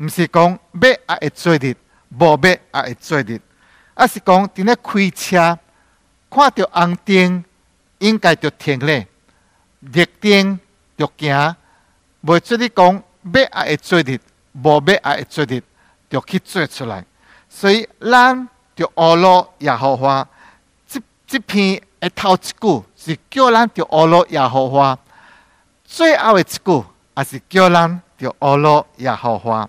唔是講要也會做啲，冇要也會做啲，而是講真係開車，看到紅燈應該就停咧，綠燈就行。唔做你講要也會做啲，冇要也會做啲，就去做出來。所以咱就阿羅也好，花，這這篇的頭一句是叫咱就阿羅也好，花，最後的一句也是叫咱就阿羅也好，花。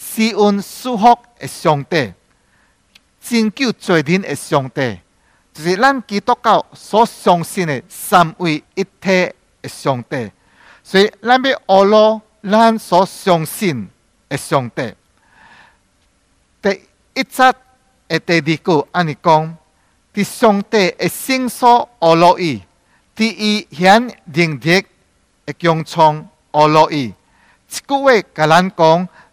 是恩祝福嘅上帝，拯救罪人嘅上帝，就是咱基督教所相信嘅三位一體嘅上帝。所以，咱要阿羅，咱所相信嘅上帝。第一節嘅第二句，安呢講，佇上帝嘅聖所阿羅伊，佇伊言定啲嘅穹蒼阿羅伊，即句話甲咱講。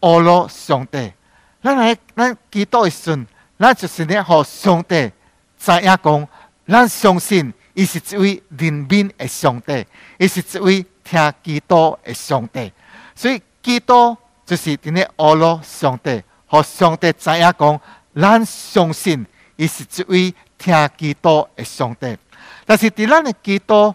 阿羅上帝，咱來，咱祈禱一瞬，咱就是咧，向上帝，知影講，咱相信，佢是一位憐憫嘅上帝，佢是一位聽祈禱嘅上帝，所以祈禱就是佇咧阿羅上帝，向上帝知影講，咱相信，佢是一位聽祈禱嘅上帝，但是喺咱嘅祈禱。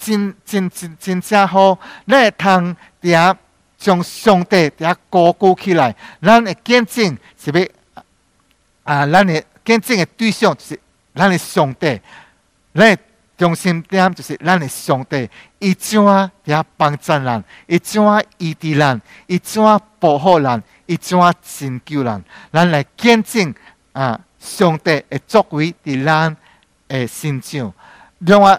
真真真真正好，咱會通頂將上帝頂高高起來，咱會見證，是不啊？啊，咱嘅見證的對象就是咱嘅上帝，咱嘅中心點就是咱嘅上帝，一種啊，頂幫助人，一種啊，醫治人，一種啊，保護人，一種啊，拯救人，咱來見證啊，上帝會作為佇咱的心上。另外。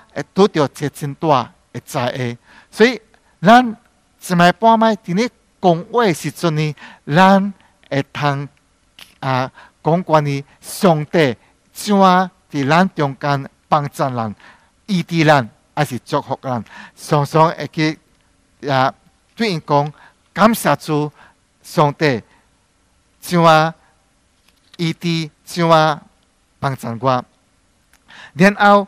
誒多條尺寸大，誒知嘅，所以咱前排半排喺呢講話嘅時陣呢，咱誒通啊講關於上帝點啊，係咱中間幫助人、異地人，還是祝福人，常常誒去啊、呃、對人講感謝主上帝，點啊異地點啊幫助我，然後。